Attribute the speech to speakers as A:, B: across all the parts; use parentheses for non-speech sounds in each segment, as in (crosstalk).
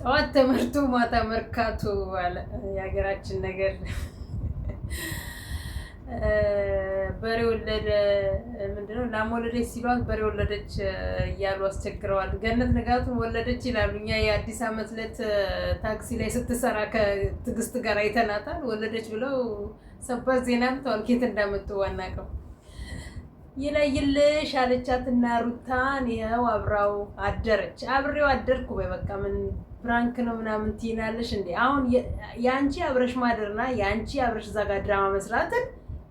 A: ጠዋት ተመርቶ ማታ መርካቶ አለ የሀገራችን ነገር። በሬ ወለደ ምንድነው? ላም ወለደች ሲሏት በሬ ወለደች እያሉ አስቸግረዋል። ገነት ንጋቱን ወለደች ይላሉ። እኛ የአዲስ አመት ዕለት ታክሲ ላይ ስትሰራ ከትዕግስት ጋር አይተናታል። ወለደች ብለው ሰበር ዜና ምተዋል። ኬት እንዳመጡ ዋናቀው ይለይልሽ አለቻት እና ሩታን ይኸው አብራው አደረች። አብሬው አደርኩ በይ በቃ ምን ፍራንክ ነው ምናምን ትይናለሽ እንዴ? አሁን የአንቺ አብረሽ ማደርና የአንቺ አብረሽ እዛ ጋር ድራማ መስራትን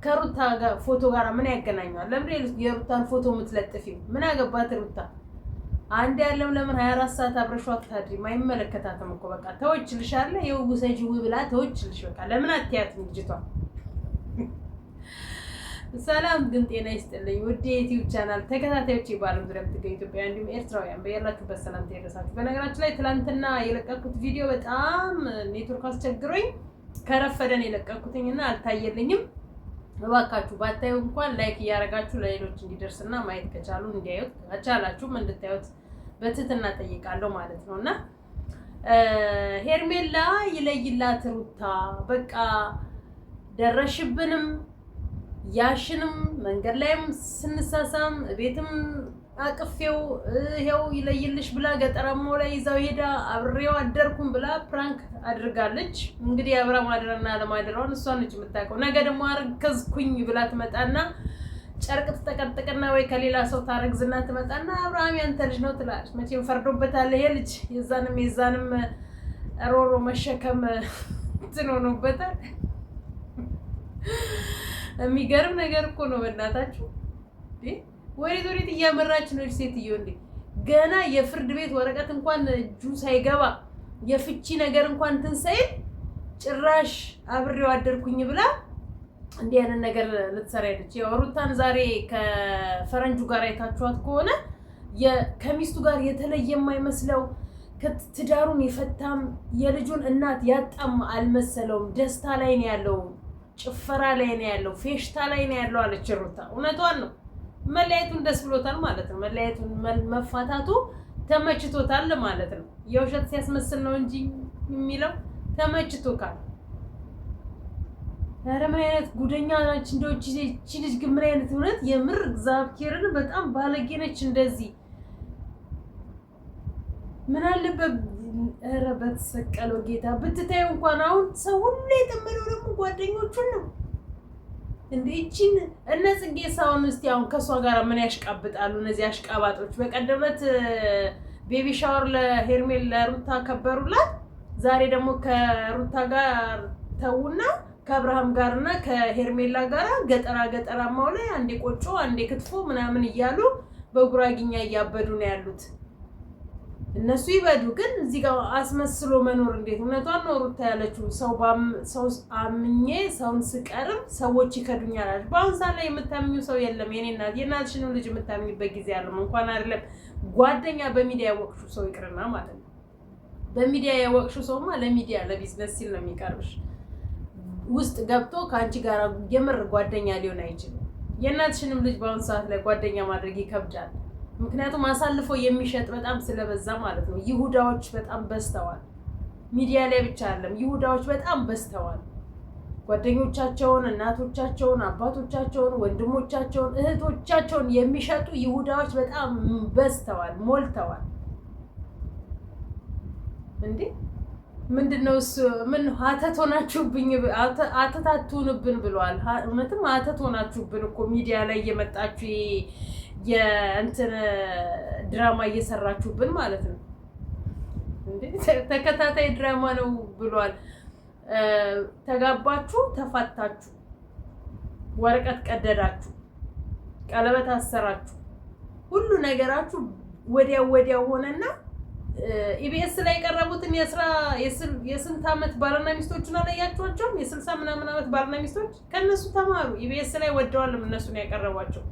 A: ከሩታ ፎቶ ጋር ምን ያገናኘዋል? ለምን የሩታን ፎቶ የምትለጥፊው? ምን አገባት ሩታ? አንድ ያለም ለምን 24 ሰዓት አብረሽው አታድሪም? አይመለከታትም እኮ በቃ ተወችልሻለ። የውጉ ሰጂው ብላ ተወችልሽ በቃ ለምን አትያትም ልጅቷ? ሰላም ግን ጤና ይስጥልኝ ውድ የዩቲዩብ ቻናል ተከታታዮች በዓለም ዙሪያ የምትገኙ ኢትዮጵያውያን እንዲሁም ኤርትራውያን በያላችሁበት ሰላምታ ይድረሳችሁ። በነገራችን ላይ ትናንትና የለቀኩት ቪዲዮ በጣም ኔትወርክ አስቸግሮኝ ከረፈደን የለቀኩትኝና አልታየልኝም። እባካችሁ ባታዩ እንኳን ላይክ እያደረጋችሁ ለሌሎች እንዲደርስና ማየት ከቻሉ እንዲያዩት ከቻላችሁም እንድታዩት በትህትና ጠይቃለሁ ማለት ነው እና ሄርሜላ ይለይላት ሩታ በቃ ደረሽብንም ያሽንም መንገድ ላይም ስንሳሳም ቤትም አቅፌው ይሄው ይለይልሽ ብላ ገጠራማው ላይ ይዛው ሄዳ አብሬው አደርኩም ብላ ፕራንክ አድርጋለች። እንግዲህ አብራ ማደረና ለማደረውን እሷ ነች የምታውቀው። ነገ ደግሞ አረገዝኩኝ ብላ ትመጣና ጨርቅ ትጠቀጥቅና ወይ ከሌላ ሰው ታረግዝና ትመጣና አብርሃም ያንተ ልጅ ነው ትላለች። መቼም ፈርዶበታል ይሄ ልጅ የዛንም የዛንም ሮሮ መሸከም (laughs) ትኖኖበታል። የሚገርም ነገር እኮ ነው። በእናታችሁ ወዴት ወዴት እያመራች ነው ሴትዮ ገና የፍርድ ቤት ወረቀት እንኳን እጁ ሳይገባ የፍቺ ነገር እንኳን ትንሳኤል ጭራሽ አብሬው አደርኩኝ ብላ እንዲህ ያንን ነገር ልትሰራ ሄደች። ሩታን ዛሬ ከፈረንጁ ጋር አይታችኋት ከሆነ ከሚስቱ ጋር የተለየ የማይመስለው ትዳሩን የፈታም የልጁን እናት ያጣም አልመሰለውም። ደስታ ላይ ነው ያለው ጭፈራ ላይ ነው ያለው፣ ፌሽታ ላይ ነው ያለው አለች ሩታ። እውነቷን ነው። መለያየቱን ደስ ብሎታል ማለት ነው። መለያየቱን መፋታቱ ተመችቶታል ማለት ነው። የውሸት ሲያስመስል ነው እንጂ የሚለው ተመችቶታል። ኧረ ምን አይነት ጉደኛ ናች! እንደው እቺ ልጅ ግን ምን አይነት እውነት! የምር እግዚአብሔርን በጣም ባለጌ ነች። እንደዚህ ምን አለበት ኧረ በተሰቀለው ጌታ ብትታዩ እንኳን አሁን ሰው ሁሉ የጠመደው ደግሞ ጓደኞቹን ነው። እንደ ይቺን እነ ጽጌ ሳሁን እስቲ አሁን ከእሷ ጋር ምን ያሽቃብጣሉ እነዚህ አሽቃባጦች? በቀደም ዕለት ቤቢ ሻወር ለሄርሜል ለሩታ ከበሩላት። ዛሬ ደግሞ ከሩታ ጋር ተውና ከአብርሃም ጋርና ከሄርሜላ ጋር ገጠራ ገጠራማው ላይ አንዴ ቆጮ አንዴ ክትፎ ምናምን እያሉ በጉራጊኛ እያበዱ ነው ያሉት። እነሱ ይበዱ። ግን እዚህ ጋር አስመስሎ መኖር እንዴት እውነቷን ነው ሩታ ያለችው። ሰው አምኜ ሰውን ስቀርም ሰዎች ይከዱኛል አለች። በአሁን ሰዓት ላይ የምታምኙ ሰው የለም። የኔ እናት የእናትሽንም ልጅ የምታምኝበት ጊዜ አለም። እንኳን አይደለም ጓደኛ በሚዲያ ያወቅሽው ሰው ይቅርና ማለት ነው። በሚዲያ ያወቅሽው ሰውማ ለሚዲያ ለቢዝነስ ሲል ነው የሚቀርብሽ። ውስጥ ገብቶ ከአንቺ ጋር የምር ጓደኛ ሊሆን አይችልም። የእናትሽንም ልጅ በአሁን ሰዓት ላይ ጓደኛ ማድረግ ይከብዳል። ምክንያቱም አሳልፎ የሚሸጥ በጣም ስለበዛ ማለት ነው። ይሁዳዎች በጣም በዝተዋል። ሚዲያ ላይ ብቻ አይደለም፣ ይሁዳዎች በጣም በዝተዋል። ጓደኞቻቸውን፣ እናቶቻቸውን፣ አባቶቻቸውን፣ ወንድሞቻቸውን፣ እህቶቻቸውን የሚሸጡ ይሁዳዎች በጣም በዝተዋል፣ ሞልተዋል። እንዴ ምንድነው እሱ? ምን አተት ሆናችሁብኝ፣ አተት አትሁንብን ብለዋል። እውነትም ሆናችሁብን እኮ ሚዲያ ላይ እየመጣችሁ የእንትን ድራማ እየሰራችሁብን ማለት ነው። ተከታታይ ድራማ ነው ብሏል። ተጋባችሁ፣ ተፋታችሁ፣ ወረቀት ቀደዳችሁ፣ ቀለበት አሰራችሁ፣ ሁሉ ነገራችሁ ወዲያው ወዲያው ሆነና ኢቢኤስ ላይ የቀረቡትን የስራ የስንት ዓመት ባልና ሚስቶችን አላያችኋቸውም? የስልሳ ምናምን ዓመት ባልና ሚስቶች ከእነሱ ተማሩ። ኢቢኤስ ላይ ወደዋልም እነሱን ያቀረቧቸው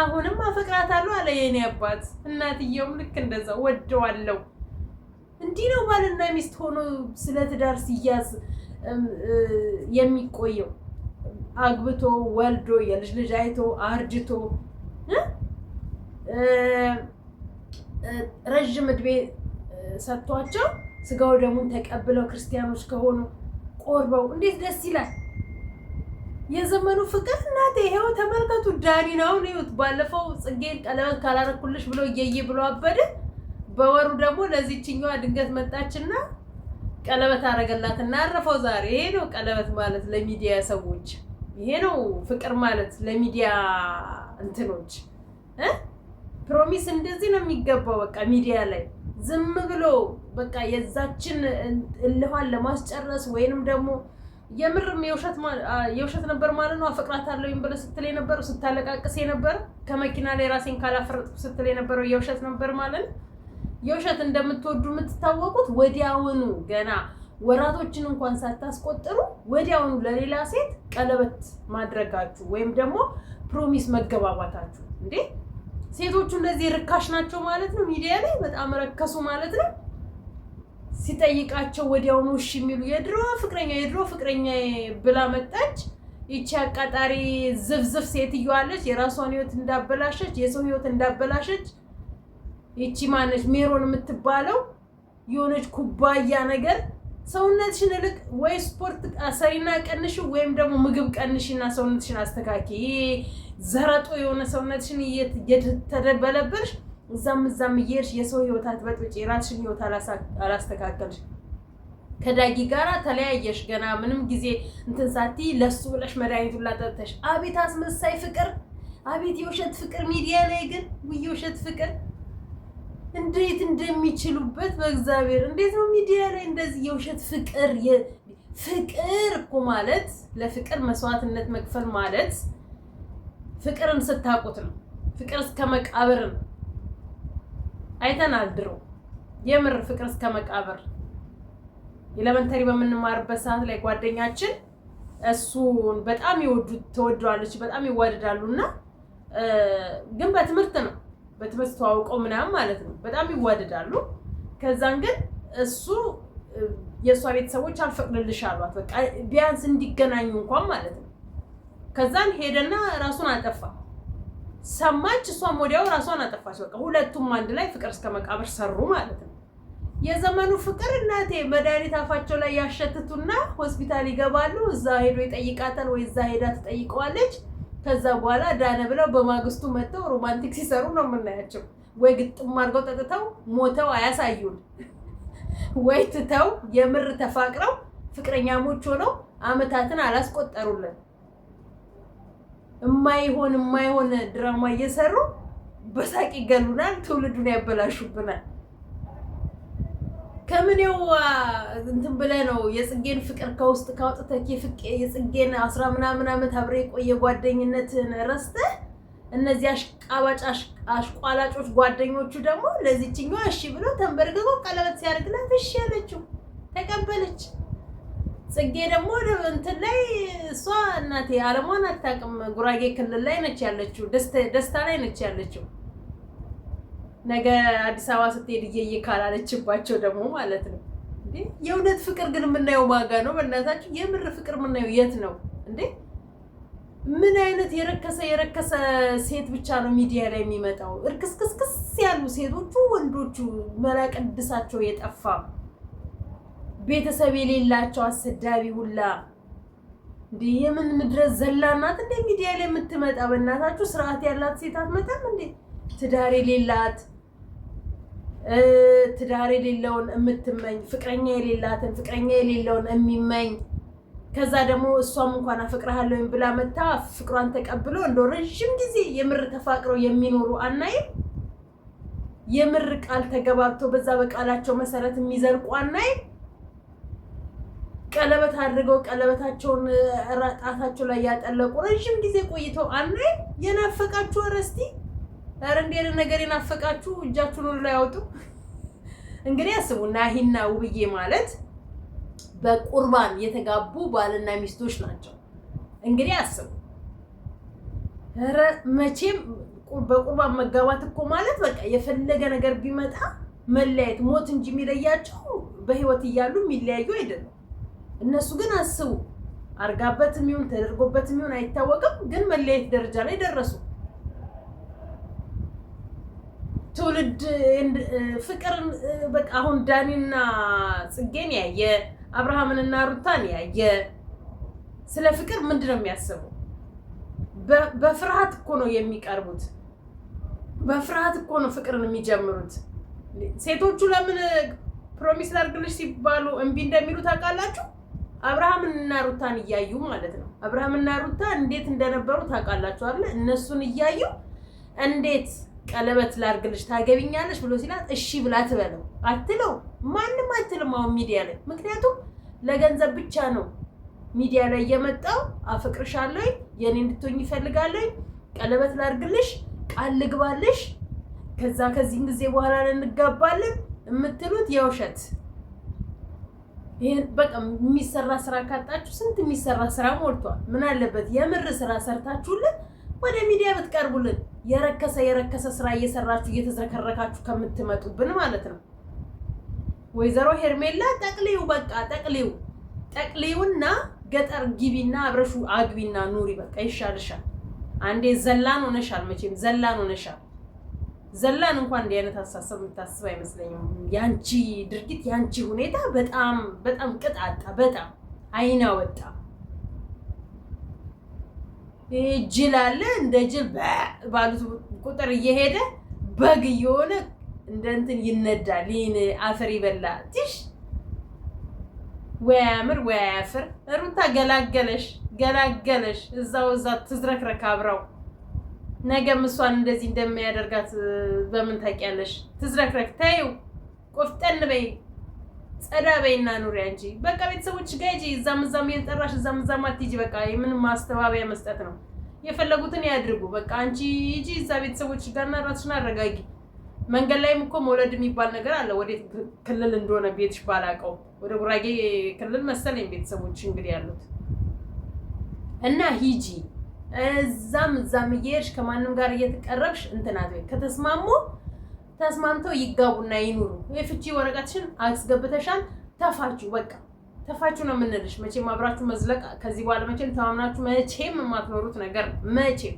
A: አሁንም አፈቅራታለሁ አለ የኔ አባት። እናትየውም ልክ እንደዛ ወደዋለሁ። እንዲህ ነው ባልና ሚስት ሆኖ ስለ ትዳር ሲያዝ የሚቆየው። አግብቶ ወልዶ የልጅ ልጅ አይቶ አርጅቶ ረዥም እድሜ ሰጥቷቸው ስጋው ደሙን ተቀብለው ክርስቲያኖች ከሆኑ ቆርበው እንዴት ደስ ይላል። የዘመኑ ፍቅር እናቴ ይሄው ተመልከቱ። ዳኒ ነው ይሁት ባለፈው ጽጌን ቀለበት ካላረኩልሽ ብሎ እየየ ብሎ አበደ። በወሩ ደግሞ ለዚችኛዋ ድንገት መጣችና ቀለበት አረገላት እና አረፈው። ዛሬ ይሄ ነው ቀለበት ማለት ለሚዲያ ሰዎች፣ ይሄ ነው ፍቅር ማለት ለሚዲያ እንትኖች። ፕሮሚስ እንደዚህ ነው የሚገባው። በቃ ሚዲያ ላይ ዝም ብሎ በቃ የዛችን እልኋን ለማስጨረስ ወይንም ደግሞ የምርም የውሸት ነበር ማለት ነው። አፈቅራታለሁ ብለ ስትል የነበረው ስታለቃቅስ የነበር ከመኪና ላይ ራሴን ካላፈረጥኩ ስትል የነበረው የውሸት ነበር ማለት ነው። የውሸት እንደምትወዱ የምትታወቁት ወዲያውኑ ገና ወራቶችን እንኳን ሳታስቆጥሩ ወዲያውኑ ለሌላ ሴት ቀለበት ማድረጋችሁ ወይም ደግሞ ፕሮሚስ መገባባታችሁ። እንዴ ሴቶቹ እንደዚህ ርካሽ ናቸው ማለት ነው። ሚዲያ ላይ በጣም ረከሱ ማለት ነው። ሲጠይቃቸው ወዲያውኑ እሺ የሚሉ የድሮ ፍቅረኛ የድሮ ፍቅረኛ ብላ መጣች። ይቺ አቃጣሪ ዝፍዝፍ ሴትዮዋለች። የራሷን ህይወት እንዳበላሸች፣ የሰው ህይወት እንዳበላሸች። ይቺ ማነች ሜሮን የምትባለው የሆነች ኩባያ ነገር ሰውነትሽን እልቅ ወይ ስፖርት ሰሪና ቀንሽ፣ ወይም ደግሞ ምግብ ቀንሽና ሰውነትሽን አስተካኪ። ዘረጦ የሆነ ሰውነትሽን እየተደበለበልሽ እዛም እዛም እየሄድሽ የሰው ህይወት አትበጥብጭ፣ የራስሽን ህይወት አላስተካከልሽ። ከዳጊ ጋራ ተለያየሽ። ገና ምንም ጊዜ እንትን ሳቲ ለሱ ብለሽ መድኃኒቱን ላጠጥተሽ። አቤት አስመሳይ ፍቅር! አቤት የውሸት ፍቅር! ሚዲያ ላይ ግን ውይ የውሸት ፍቅር እንዴት እንደሚችሉበት በእግዚአብሔር! እንዴት ነው ሚዲያ ላይ እንደዚህ የውሸት ፍቅር? ፍቅር እኮ ማለት ለፍቅር መስዋዕትነት መክፈል ማለት ፍቅርን ስታቁት ነው። ፍቅር እስከ መቃብር ነው። አይተናል ድሮ የምር ፍቅር እስከ መቃብር ኤሌመንተሪ በምንማርበት ሰዓት ላይ ጓደኛችን እሱን በጣም ይወዱት ተወደዋለች፣ በጣም ይዋደዳሉ እና ግን በትምህርት ነው በትምህርት ተዋውቀው ምናምን ማለት ነው በጣም ይዋደዳሉ። ከዛን ግን እሱ የእሷ ቤተሰቦች አልፈቅድልሽ አሏት፣ በቃ ቢያንስ እንዲገናኙ እንኳን ማለት ነው። ከዛን ሄደና ራሱን አጠፋ። ሰማች። እሷም ወዲያው ራሷን አጠፋች። በቃ ሁለቱም አንድ ላይ ፍቅር እስከ መቃብር ሰሩ ማለት ነው። የዘመኑ ፍቅር እናቴ መድኃኒት አፋቸው ላይ ያሸትቱና ሆስፒታል ይገባሉ። እዛ ሄዶ ይጠይቃታል ወይ እዛ ሄዳ ትጠይቀዋለች። ከዛ በኋላ ዳነ ብለው በማግስቱ መጥተው ሮማንቲክ ሲሰሩ ነው የምናያቸው። ወይ ግጥም አድርገው ጠጥተው ሞተው አያሳዩን፣ ወይ ትተው የምር ተፋቅረው ፍቅረኛሞች ሆነው አመታትን አላስቆጠሩልን። የማይሆን የማይሆን ድራማ እየሰሩ በሳቅ ይገሉናል፣ ትውልዱን ያበላሹብናል። ከምኔው እንትን ብለህ ነው የጽጌን ፍቅር ከውስጥ ካወጥተህ የጽጌን አስራ ምናምን አመት አብሬ የቆየ ጓደኝነትን ረስተህ እነዚህ አሽቃባጭ አሽቋላጮች ጓደኞቹ ደግሞ ለዚችኛዋ እሺ ብሎ ተንበርግጎ ቀለበት ሲያደርግላት እሺ ያለችው ተቀበለች። ጽጌ ደግሞ እንትን ላይ እሷ እናቴ አለሟን አታውቅም። ጉራጌ ክልል ላይ ነች ያለችው፣ ደስታ ላይ ነች ያለችው። ነገ አዲስ አበባ ስትሄድ እየየ ካላለችባቸው ደግሞ ማለት ነው። የእውነት ፍቅር ግን የምናየው ማጋ ነው። በእናታችሁ የምር ፍቅር የምናየው የት ነው እንዴ? ምን አይነት የረከሰ የረከሰ ሴት ብቻ ነው ሚዲያ ላይ የሚመጣው? እርክስክስክስ ያሉ ሴቶቹ ወንዶቹ መላቅድሳቸው የጠፋ ቤተሰብ የሌላቸው አሰዳቢ ሁላ እንዴ! የምን ምድረ ዘላናት እንዴ! ሚዲያ ላይ የምትመጣ በእናታችሁ ስርዓት ያላት ሴት አትመጣም እንዴ! ትዳር የሌላት ትዳር የሌለውን የምትመኝ ፍቅረኛ የሌላትን ፍቅረኛ የሌለውን የሚመኝ ከዛ ደግሞ እሷም እንኳን አፈቅርሃለሁኝ ብላ መታ ፍቅሯን ተቀብሎ እንደ ረዥም ጊዜ የምር ተፋቅረው የሚኖሩ አናይም። የምር ቃል ተገባብተው በዛ በቃላቸው መሰረት የሚዘልቁ አናይም። ቀለበት አድርገው ቀለበታቸውን ጣታቸው ላይ ያጠለቁ ረዥም ጊዜ ቆይተው አና የናፈቃችሁ ረስቲ ኧረ እንዲህ ነገር የናፈቃችሁ እጃችሁን ሁሉ ላይ አውጡ። እንግዲህ አስቡ ናሂና ውብዬ ማለት በቁርባን የተጋቡ ባልና ሚስቶች ናቸው። እንግዲህ አስቡ ኧረ መቼም በቁርባን መጋባት እኮ ማለት በቃ የፈለገ ነገር ቢመጣ መለያየት ሞት እንጂ የሚለያቸው በህይወት እያሉ የሚለያዩ አይደለም። እነሱ ግን አስቡ፣ አርጋበትም የሚሆን ተደርጎበትም የሚሆን አይታወቅም፣ ግን መለየት ደረጃ ላይ ደረሱ። ትውልድ ፍቅር በቃ አሁን ዳኒና ጽጌን ያየ አብርሃምንና ሩታን ያየ ስለ ፍቅር ምንድን ነው የሚያስበው? በፍርሃት እኮ ነው የሚቀርቡት። በፍርሃት እኮ ነው ፍቅርን የሚጀምሩት። ሴቶቹ ለምን ፕሮሚስ ላድርግልሽ ሲባሉ እምቢ እንደሚሉ ታውቃላችሁ? አብርሃም እና ሩታን እያዩ ማለት ነው። አብርሃም እና ሩታ እንዴት እንደነበሩ ታውቃላችሁ አይደል? እነሱን እያዩ እንዴት ቀለበት ላርግልሽ ታገቢኛለሽ ብሎ ሲላት እሺ ብላ ትበለው አትለው። ማንም አትልም አሁን ሚዲያ ላይ። ምክንያቱም ለገንዘብ ብቻ ነው ሚዲያ ላይ የመጣው። አፈቅርሻለሁ፣ የኔ እንድትሆኝ ይፈልጋለኝ፣ ቀለበት ላርግልሽ፣ ቃል ልግባልሽ፣ ከዛ ከዚህን ጊዜ በኋላ እንጋባለን የምትሉት የውሸት ይሄን በቃ የሚሰራ ስራ ካጣችሁ ስንት የሚሰራ ስራ ሞልቷል። ምን አለበት የምር ስራ ሰርታችሁልን ወደ ሚዲያ ብትቀርቡልን። የረከሰ የረከሰ ስራ እየሰራችሁ እየተዝረከረካችሁ ከምትመጡብን ማለት ነው። ወይዘሮ ሄርሜላ ጠቅሌው በቃ ጠቅሌው ጠቅሌውና ገጠር ግቢና አብረሹ አግቢና ኑሪ በቃ ይሻልሻል። አንዴ ዘላን ሆነሻል፣ መቼም ዘላን ሆነሻል። ዘላን እንኳን እንዲህ አይነት አሳሰብ የምታስብ አይመስለኝም። ያንቺ ድርጊት ያንቺ ሁኔታ በጣም በጣም ቅጣጣ በጣም አይና ወጣ። ጅል አለ እንደ ጅል ባሉት ቁጥር እየሄደ በግ እየሆነ እንደ እንትን ይነዳል። ይህን አፈር ይበላ ትሽ ወያምር አያምር ወይ ሩታ ገላገለሽ ገላገለሽ። እዛው እዛ ትዝረክረክ አብረው ነገም እሷን እንደዚህ እንደሚያደርጋት በምን ታውቂያለሽ? ትዝረክረክ ታዩ። ቆፍጠን በይ፣ ጸዳ በይና ኑሪያ እንጂ በቃ ቤተሰቦች ጋ ሂጂ። እዛም እዛም እየተጠራሽ እዛም እዛም አትሂጂ። በቃ የምን ማስተባበያ መስጠት ነው። የፈለጉትን ያድርጉ። በቃ አንቺ ሂጂ እዛ ቤተሰቦች ጋርና ራስሽን አረጋጊ። መንገድ ላይም እኮ መውለድ የሚባል ነገር አለ። ወዴት ክልል እንደሆነ ቤትሽ ባላቀው፣ ወደ ጉራጌ ክልል መሰለኝ ቤተሰቦች እንግዲህ ያሉት እና ሂጂ እዛም እዛም እየሄድሽ ከማንም ጋር እየተቀረብሽ እንትናት ከተስማሙ ተስማምተው ይጋቡና ይኑሩ። የፍቺ ወረቀትሽን አስገብተሻል። ተፋቹ፣ በቃ ተፋቹ ነው የምንልሽ። መቼም አብራችሁ መዝለቅ ከዚህ በኋላ መቼም ተማምናችሁ መቼም የማትኖሩት ነገር መቼም።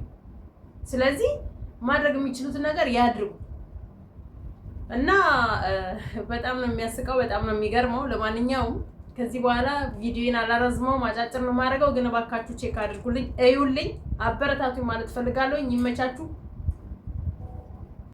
A: ስለዚህ ማድረግ የሚችሉትን ነገር ያድርጉ እና በጣም ነው የሚያስቀው፣ በጣም ነው የሚገርመው። ለማንኛውም ከዚህ በኋላ ቪዲዮን አላረዝመውም፣ አጫጭር ነው የማደርገው። ግን እባካችሁ ቼክ አድርጉልኝ፣ እዩልኝ፣ አበረታቱኝ ማለት ፈልጋለሁ። ይመቻችሁ።